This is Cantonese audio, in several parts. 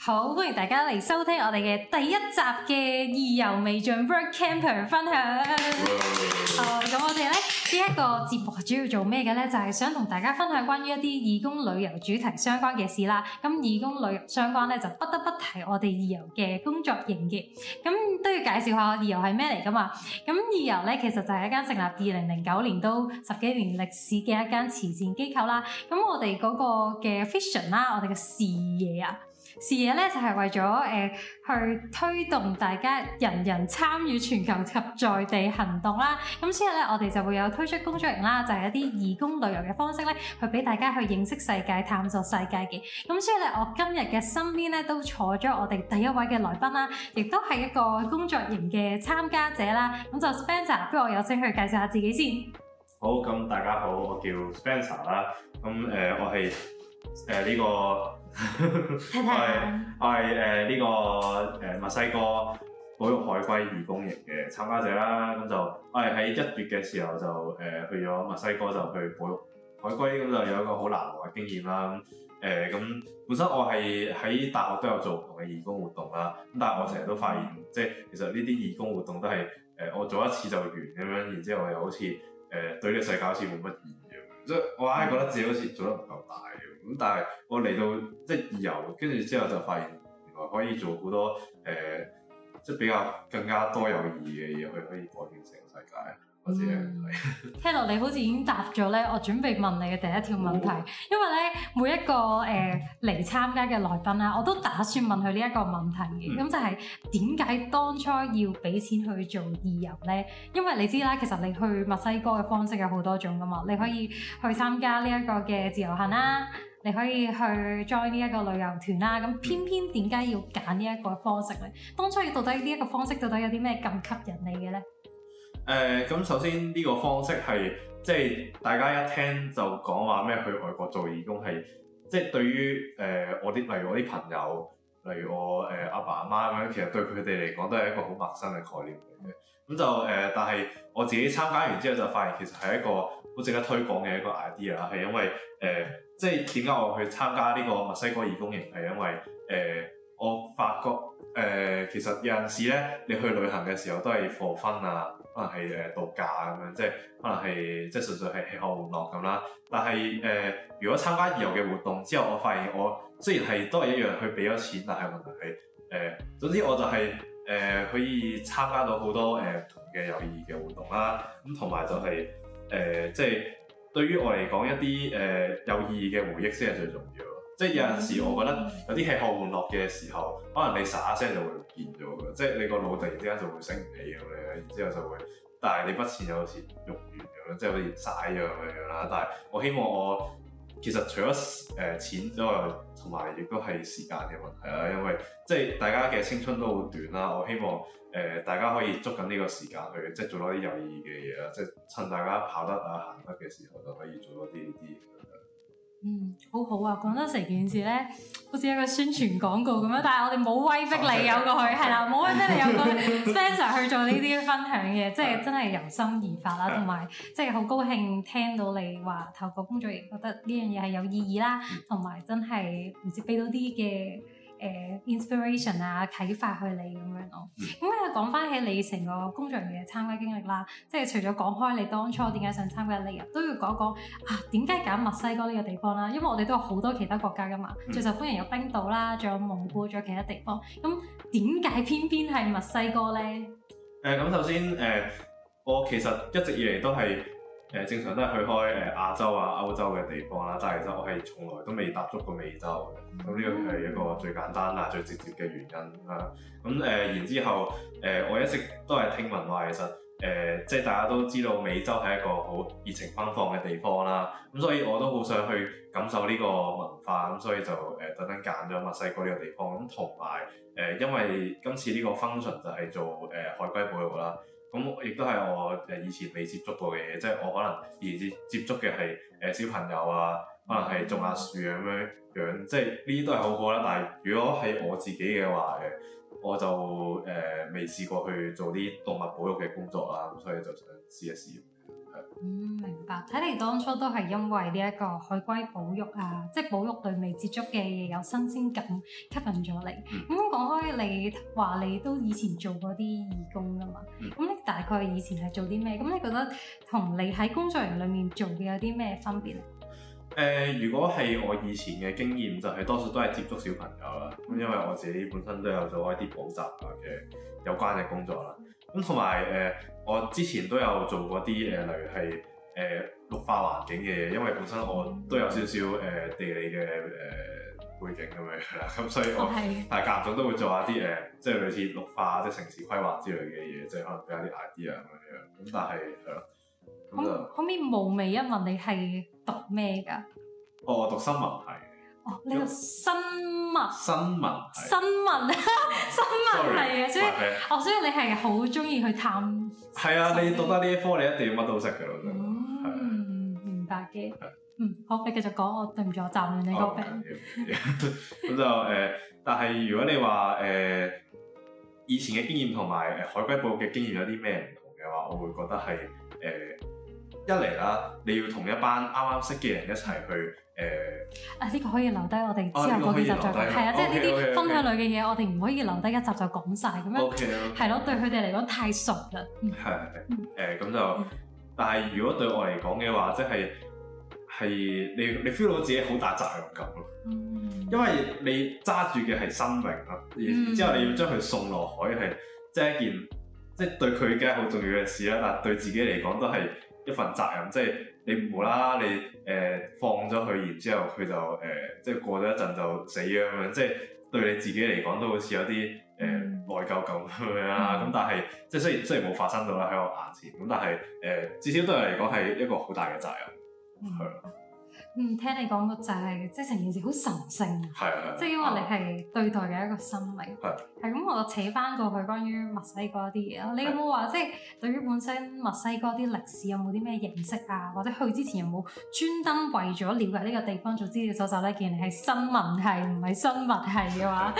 好，歡迎大家嚟收聽我哋嘅第一集嘅義遊未盡 Workcamper 分享。咁、 呃、我哋咧呢一、這個節目主要做咩嘅咧？就係、是、想同大家分享關於一啲義工旅遊主題相關嘅事啦。咁義工旅遊相關咧，就不得不提我哋義遊嘅工作營嘅。咁都要介紹下我義遊係咩嚟噶嘛？咁義遊咧，其實就係一間成立二零零九年都十幾年歷史嘅一間慈善機構啦。咁我哋嗰個嘅 vision 啦，我哋嘅視野啊。事業咧就係、是、為咗誒、呃、去推動大家人人參與全球及在地行動啦。咁所以咧，我哋就會有推出工作營啦，就係、是、一啲義工旅遊嘅方式咧，去俾大家去認識世界、探索世界嘅。咁所以咧，我今日嘅身邊咧都坐咗我哋第一位嘅來賓啦，亦都係一個工作營嘅參加者啦。咁就 Spencer，不如我有聲去介紹下自己先。好，咁大家好，我叫 Spencer 啦。咁、呃、誒，我係。誒呢、呃，這個，係 我係誒呢個誒、呃、墨西哥保育海龜義工營嘅參加者啦，咁就我係喺一月嘅時候就誒去咗墨西哥就去保育海龜，咁就有一個好難忘嘅經驗啦。誒、呃、咁本身我係喺大學都有做唔同嘅義工活動啦，咁但係我成日都發現，即係其實呢啲義工活動都係誒、呃、我做一次就完咁樣，然之後我又好似誒、呃、對呢個世界好似冇乜意義咁，即係我硬係覺得自己好似做得唔夠大。 咁但係我嚟到即係義遊，跟住之後就發現原來可以做好多誒、呃，即係比較更加多有意義嘅嘢去可以改變成個世界。我自己聽落，你好似已經答咗咧。我準備問你嘅第一條問題，哦、因為咧每一個誒嚟、呃、參加嘅來賓啦，我都打算問佢呢一個問題嘅，咁、嗯、就係點解當初要俾錢去做義遊咧？因為你知啦，其實你去墨西哥嘅方式有好多種㗎嘛，你可以去參加呢一個嘅自由行啦。你可以去 join 呢一個旅遊團啦，咁偏偏點解要揀呢一個方式咧？當初到底呢一個方式到底有啲咩咁吸引你嘅咧？誒、呃，咁首先呢個方式係即係大家一聽就講話咩去外國做義工係，即、就、係、係、對於誒、呃、我啲例如我啲朋友，例如我誒阿、呃、爸阿媽咁樣，其實對佢哋嚟講都係一個好陌生嘅概念嚟嘅。咁就誒、呃，但係我自己參加完之後就發現其實係一個好值得推廣嘅一個 idea 啊，係因為誒、呃，即係點解我去參加呢個墨西哥義工營，係因為誒、呃，我發覺誒、呃，其實有陣時咧，你去旅行嘅時候都係 for fun 啊，可能係誒度假咁樣，即係可能係即係純粹係食喝玩樂咁啦。但係誒、呃，如果參加義遊嘅活動之後，我發現我雖然係都係一樣去俾咗錢，但係問題係誒，總之我就係、是、誒、呃、可以參加到好多誒、呃、同嘅有意義嘅活動啦，咁同埋就係、是。誒、呃，即係對於我嚟講，一啲誒、呃、有意義嘅回憶先係最重要。即係有陣時，我覺得有啲吃喝玩樂嘅時候，可能你撒一聲就會唔見咗，即係你個腦突然之間就會升唔起咁樣，然之後就會，但係你筆錢有時用完咁樣，即係好似曬咗咁樣啦。但係我希望我。其實除咗誒、呃、錢之外，同埋亦都係時間嘅問題啦。因為即係大家嘅青春都好短啦。我希望誒、呃、大家可以捉緊呢個時間去，即係做多啲有意義嘅嘢啦。即係趁大家跑得啊行得嘅時候，就可以做多啲呢啲嘢。嗯，好好啊！講得成件事咧。好似一個宣傳廣告咁樣，但係我哋冇威逼你有過去，係啦， 冇威逼你有過 Spencer 去做呢啲分享嘅，即係真係由心而發啦，同埋 即係好高興聽到你話透過工作亦覺得呢樣嘢係有意義啦，同埋真係唔知俾到啲嘅。誒、uh, inspiration 啊，啟發佢哋咁樣咯。咁又講翻起你成個工作人員嘅參加經歷啦，即係除咗講開你當初點解想參加你，你亦都要講講啊點解揀墨西哥呢個地方啦、啊。因為我哋都有好多其他國家噶嘛，嗯、最受歡迎有冰島啦，仲有蒙古，仲有其他地方。咁點解偏偏係墨西哥咧？誒咁、呃、首先誒、呃，我其實一直以嚟都係。誒正常都係去開誒亞洲啊、歐洲嘅地方啦，但係其實我係從來都未踏足過美洲。咁呢個係一個最簡單啊、最直接嘅原因啦。咁誒、呃、然之後，誒、呃、我一直都係聽聞話，其實誒、呃、即係大家都知道美洲係一個好熱情奔放嘅地方啦。咁所以我都好想去感受呢個文化，咁所以就誒特登揀咗墨西哥呢個地方。咁同埋誒因為今次呢個 function 就係做誒、呃、海龜保育啦。呃咁亦都係我誒以前未接觸過嘅嘢，即係我可能以前接接觸嘅係誒小朋友啊，可能係種下樹咁樣樣，即係呢啲都係好過啦。但係如果係我自己嘅話，我就誒未、呃、試過去做啲動物保育嘅工作啊，所以就想係試一試。嗯，明白。睇嚟當初都係因為呢一個海龜保育啊，即係保育對未接觸嘅嘢有新鮮感，吸引咗你。咁講、嗯嗯、開你，你話你都以前做過啲義工㗎嘛？咁、嗯、你大概以前係做啲咩？咁你覺得同你喺工作營裏面做嘅有啲咩分別？誒、呃，如果係我以前嘅經驗，就係、是、多數都係接觸小朋友啦。咁因為我自己本身都有做一啲補習啊嘅有關嘅工作啦。嗯咁同埋誒，我之前都有做過啲誒、呃，例如係誒綠化環境嘅嘢，因為本身我都有少少誒地理嘅誒背景咁樣啦，咁、嗯、所以我係夾雜都會做下啲誒，即係類似綠化、即係城市規劃之類嘅嘢，即係可能畀啲 idea 咁樣。咁但係係咯，咁可唔可以冒昧一問你，你係讀咩噶？我我讀新聞係。哦、你個生物？生物新生新啊，生物嚟嘅，所以，我所以你係好中意去探。係啊，你讀得呢一科，你一定要乜都識嘅咯。哦，明白嘅。嗯，好，你繼續講。我對唔住，我攢亂你個鼻。咁就誒，但係如果你話誒以前嘅經驗經同埋誒海龜保嘅經驗有啲咩唔同嘅話，我會覺得係誒。呃呃呃一嚟啦，你要同一班啱啱識嘅人一齊去誒。呃、啊，呢、這個可以留低我哋之後嗰集再講，係啊，即係呢啲分享類嘅嘢，我哋唔可以留低、嗯這個、一集就講晒。咁樣。OK 咯，係咯，對佢哋嚟講太熟啦。係誒，咁就，但係如果對我嚟講嘅話，即係係你你 feel 到自己好大責任感咯。嗯、因為你揸住嘅係生命啦，然之後你要將佢、嗯、送落海，係即係一件即係對佢梗係好重要嘅事啦，但係對自己嚟講都係。一份責任，即係你無啦啦你誒、呃、放咗佢，然之後佢就誒、呃、即係過咗一陣就死咗咁樣，即係對你自己嚟講都好似有啲誒內疚感咁樣啦。咁、嗯、但係即係雖然雖然冇發生到啦喺我眼前，咁但係誒、呃、至少對我嚟講係一個好大嘅責任。係、嗯嗯，聽你講個就係，即係成件事好神聖啊！係，即係因為你係對待嘅一個心理係。係咁，我就扯翻過去關於墨西哥一啲嘢，你有冇話即係對於本身墨西哥啲歷史有冇啲咩認識啊？或者去之前有冇專登為咗了解呢個地方做資料搜集咧？既然你係新聞系，唔係生物系嘅話，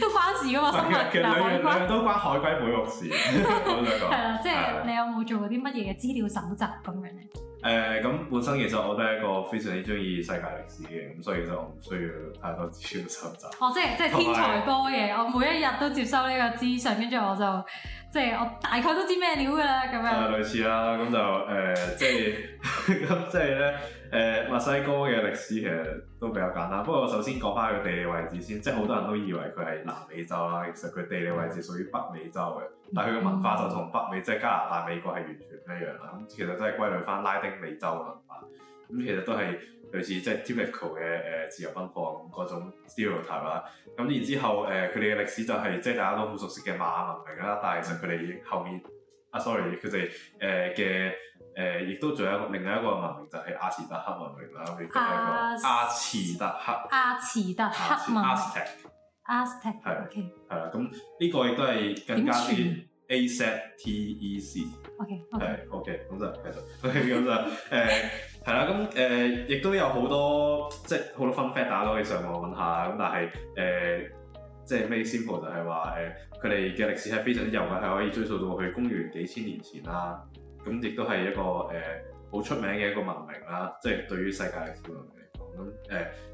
都關事㗎嘛。生物其實都關海龜妹個事。係啦，即係你有冇做過啲乜嘢嘅資料搜集咁樣咧？誒咁、呃、本身其實我都係一個非常之中意世界歷史嘅，咁所以就唔需要太多資料收集。哦，即係即係天才多嘢， 我每一日都接收呢個資訊，跟住我就即係我大概都知咩料㗎啦，咁樣。係、呃、類似啦，咁就誒、呃，即係咁，即係咧。誒墨、uh, 西哥嘅歷史其實都比較簡單，不過首先講翻佢地理位置先，即係好多人都以為佢係南美洲啦，其實佢地理位置屬於北美洲嘅，但係佢嘅文化就同北美，mm hmm. 即係加拿大、美國係完全唔一樣啦。咁其實真係歸類翻拉丁美洲嘅文化。咁其實都係類似即係、就是、typical 嘅誒、呃、自由奔放嗰種 stereotype 啦。咁然之後誒佢哋嘅歷史就係、是、即係大家都好熟悉嘅馬文明啦，但係其實佢哋後面啊 sorry 佢哋誒嘅。呃誒，亦都仲有另外一個文明就係阿茲特克文明啦。佢叫一個、啊、阿茲特克，阿茲特克文明，Aztec，Aztec，係，係啦。咁呢對 okay. 個亦都係更加啲 Asettec，OK，係 OK，咁 okay.、okay, 就繼續，OK，咁就誒係啦。咁誒亦都有好多即係好多分 u n f a 大家可以上網揾下。咁但係誒即係最 simple 就係話誒佢哋嘅歷史係非常之悠嘅，係可以追溯到去公元幾千年前啦。咁亦都係一個誒好、呃、出名嘅一個文明啦，即係對於世界嘅文明嚟講，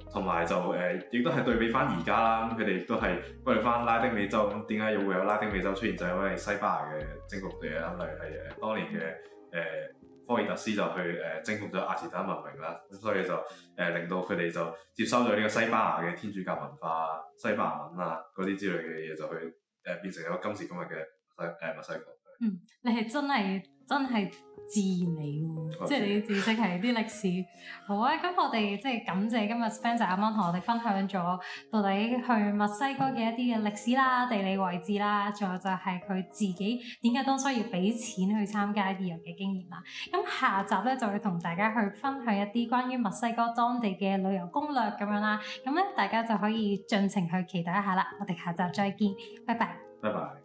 誒同埋就誒、呃、亦都係對比翻而家啦。咁佢哋亦都係歸類翻拉丁美洲咁，點解又會有拉丁美洲出現？就係、是、因為西班牙嘅征服地啊，例如係當年嘅誒、呃、科爾特斯就去誒征服咗阿茲特克文明啦，咁所以就誒、呃、令到佢哋就接收咗呢個西班牙嘅天主教文化、西班牙文啊嗰啲之類嘅嘢，就去誒、呃、變成咗今時今日嘅誒墨西哥。嗯，你係真係～真係自然嚟喎， 即係你啲知識係啲歷史。好啊，咁我哋即係感謝今日 Spencer 啱啱同我哋分享咗到底去墨西哥嘅一啲嘅歷史啦、嗯、地理位置啦，仲有就係佢自己點解都需要俾錢去參加義遊嘅經驗啦。咁下集咧就會同大家去分享一啲關於墨西哥當地嘅旅遊攻略咁樣啦。咁咧大家就可以盡情去期待一下啦。我哋下集再見，拜拜，拜拜。